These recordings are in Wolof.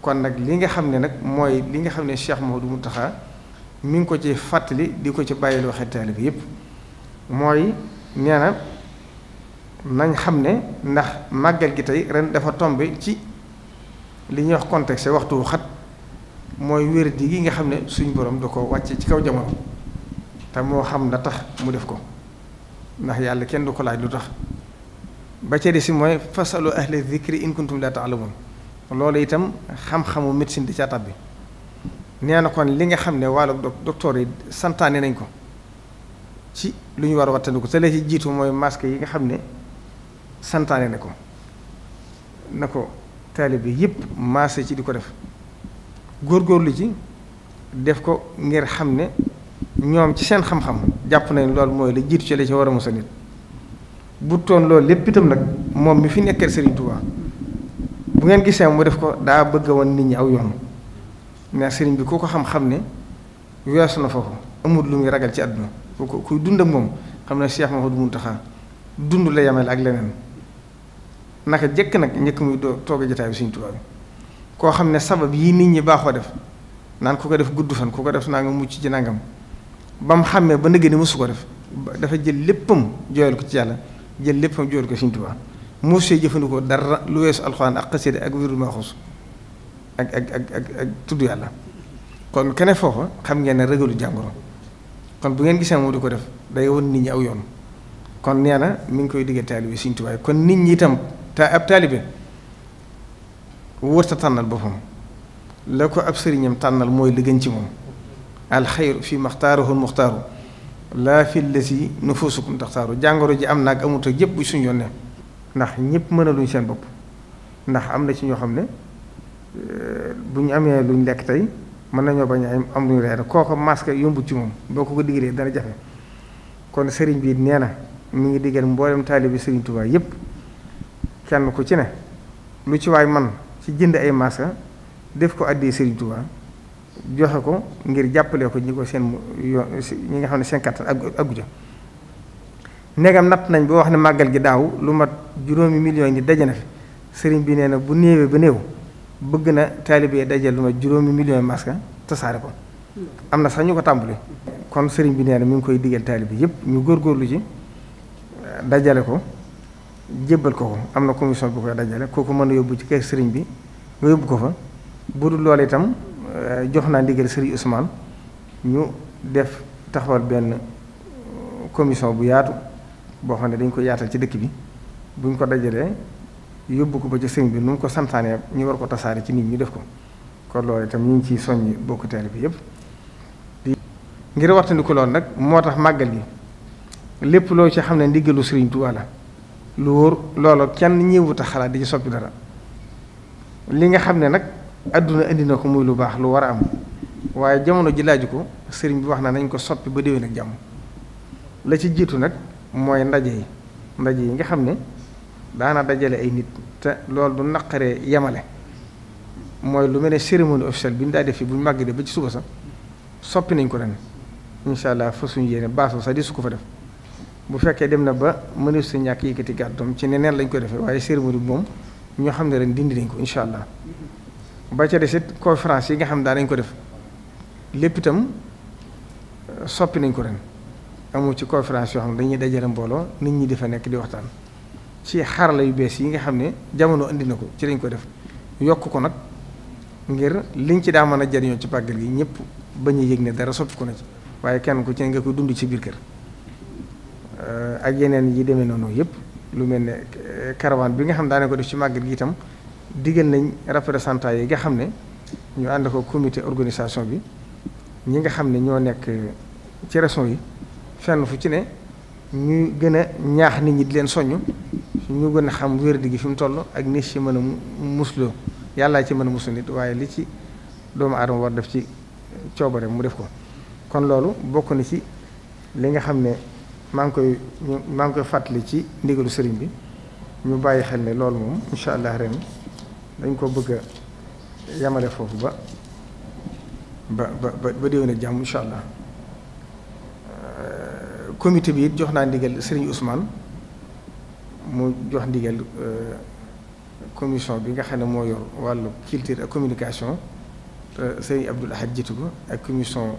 kon nag li nga xam ne nag mooy li nga xam ne Cheikh Maodo Moutakha mi ngi ko ci fàttali di ko ci bàyyil waxe taalibe yépp mooy nee na nañ xam ne ndax màggal gi tey ren dafa tombe ci li ñuy wax contexte waxtu wu xat mooy wér di gi nga xam ne suñ borom du ko wàcce ci kaw jamono te moo xam la tax mu def ko ndax yàlla kenn du ko laaj lu tax ba ca si mooy fasalu ahla zikri in kuntum la taalamun loolu itam xam-xamu médecine di ca tabbi nee na kon li nga xam ne wàllu docteur yi santaane nañ ko ci lu ñu war a wattandiku te la ci jiitu mooy masque yi nga xam ne santaane na ko na ko taalibe bi yëpp maase ci di ko def góor góorlu ci def ko ngir xam ne ñoom ci seen xam-xam jàpp nañ loolu mooy la jiitu ci la ci war a musal nit bu toon loolu lépp itam nag moom mi fi nekkee Serigne Touba. bu ngeen gisee mu def ko daa bëgg woon nit ñi aw yoon mais sëriñ bi ku ko xam-xam ne weesu na foofu amul lu muy ragal ci àdduna ku ko kuy dund moom xam ne Cheikh Mouhamadou Mountakha dund la yemel ak leneen naka jëkk nag njëkk muy doo toog jotaay bi Sëriñ koo xam ne sabab yi nit ñi baaxoo def naan ku ko def gudd fan ku ko def naa nga mucc ci nangam ba mu xàmmee ba nëgë ni mësu ko def dafa jël léppam jooyal ko ci yàlla jël léppam jooyal ko Sëriñ موسى جفنكو در لويس القرآن أقصد أقول ما خص أك أك أك أك أك تدري على كون كان فوق خم جانا رجل جامعه كون بعدين كيسا مودو كده دايون نيني أويون كون نيانا مين كوي دقيقة تالي بسين تواي كون نيني تام تا أب تالي بين وورت تانل بفهم لكو أبصر نيم تانل موي لجن تيمو الخير في مختاره المختار لا في الذي نفوسكم تختاروا جانغورو جي امناك اموتو جيب بو سون يونيو ndax ñëpp mënaluñ seen bopp ndax am na ci ñoo xam ne euh, bu ñu amee luñ lekk tey mën nañoo bañ a am luñ reer kooko masque yombut ci moom boo ko ko diggalee dana jafe kon sëriñ bi nee na mu ngi diggal mboolem taalibi sëriñ Tuubaa yëpp kenn ko ci ne lu ci waay man ci jënd ay masque def ko àddee sëriñ Tuubaa joxe ko ngir jàppale ko ñi ko seen ñi nga xam ne seen kattan ak ndegam natt nañ boo wax ne màggal gi daaw lu mat juróomi million yi daje na fi sëriñ bi nee na bu néewee ba néew bëgg na taalibe dajal lu mat juróomi million masque tasaare ko am na sax ñu ko tàmbuli kon sëriñ bi nee na mi ngi koy digal taalibe yëpp ñu góorgóorlu ci dajale ko jébbal ko ko am na commission bu koy dajale ko mën a yóbbu ci kër sëriñ bi nga yóbbu ko fa bu dul loolu itam eh, jox naa ndigal sëriñ Ousmane ñu def taxawal benn eh, commission bu yaatu. boo xam ne dañ ko yaatal ci dëkk bi buñ ko dajalee yóbbu ko ba ci sëñ bi nu mu ko santaanee ñu war ko tasaare ci nit ñi def ko kon loolu itam ñu ngi ciy soññ bokk teel bi yëpp. di ngir waxtandiku loolu nag moo tax màggal yi lépp loo ci xam ne ndigalu Sëriñ Tuubaa la lu wóor loolu kenn ñëwut a xalaat di ci soppi dara li nga xam ne nag àdduna indi na ko muy lu baax lu war a am waaye jamono ji laaju ko sëriñ bi wax na nañ ko soppi ba déwén ak jàmm la ci jiitu nag. mooy ndaje yi ndaje yi nga xam ne daana dajale ay nit te loolu du naqaree yamale mooy lu mel ne cérémonie officielle bi ñu daa def fii bu ñu de ba ci suba sax soppi nañ ko ren incha allah fa suñu yéene baaso sax di su ko fa def bu fekkee dem na ba mënees sa ñàkk yëkkati gàddoom ci neneen lañ ko defee waaye cérémonie bi moom ñoo xam ne ren dindi nañ ko incha allah ba ca des it yi nga xam daa dañ ko def lépp itam soppi nañ ko ren. amul ci conférence yoo xam ne dañuy dajale mbooloo nit ñi di nekk di waxtaan ci xarala yu bees yi nga xam ne jamono indi na ko ci lañ ko def yokk ko nag ngir liñ ci daa mën a jariñoo ci pàggal gi ñëpp ba ñu yëg ne dara soppi ko na ci waaye kenn ku ci nga ko dund ci biir kër euh, ak yeneen yi demee noonu yëpp lu mel ne euh, caravane bi nga xam daane ko def ci màggal gi itam digal nañ représentant yi nga xam ne ñu ànd ko comité organisation bi ñi nga xam ne ñoo nekk ci région yi. fenn fu ci ne ñuy gën a ñaax nit ñi di leen soññ ñu gën a xam wér di gi fi toll ak ni ci mën a musloo yàllaa ci mën a muslu nit waaye li ci doomu adama war def ci coobare mu def ko kon loolu bokk na ci li nga xam ne maa ngi koy maa ngi koy fàttali ci ndigalu sëriñ bi ñu bàyyi xel ne loolu moom incha allah ren dañ ko bëgg a yamale foofu ba ba ba ba déwén a jàmm incha allah comité bi jox naa ndigal Serigne Ousmane mu jox ndigal commission bi nga xam ne moo yor wàllu culture ak communication Serigne Abdoul Ahad jiitu ko ak commission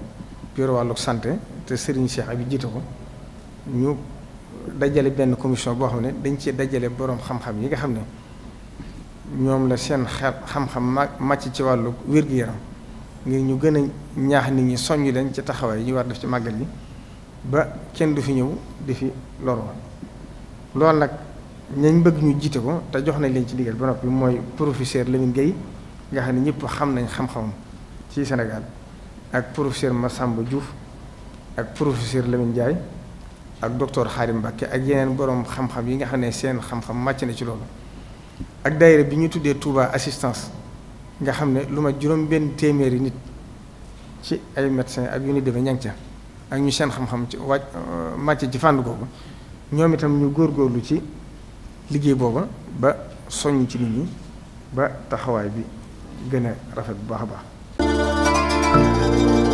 bi yor wàllu santé te Serigne Cheikh Abi jiitu ko ñu dajale benn commission boo xam ne dañ ci dajale borom xam-xam yi nga xam ne ñoom la seen xel xam-xam màcc ci wàllu wér-gu-yaram ngir ñu gën a ñaax nit ñi soññ leen ci taxawaay ñu war def ci màggal yi ba kenn du fi ñëw di fi loroo loolu nag ñañ bëgg ñu jiite ko te jox nañ leen ci digal ba noppi mooy professeur Lamine Gueye nga xam ne ñëpp xam nañ xam-xamam ci Sénégal ak professeur Massamba Diouf ak professeur Lamine Ndiaye ak docteur Xaarim Mbacke ak yeneen borom xam-xam yi nga xam ne seen xam-xam màcc na ci loolu ak daayira bi ñu tuddee Touba assistance nga xam ne lu ma juróom benn téeméeri nit ci ay médecins ak yu ni demee ñang ca ak ñu seen xam-xam ci wàcc euh, màcc ci fànn googu ñoom itam ñu góor góorlu ci liggéey booba ba soññ ci nit ñi ba taxawaay bi gën rafet bu baax a baax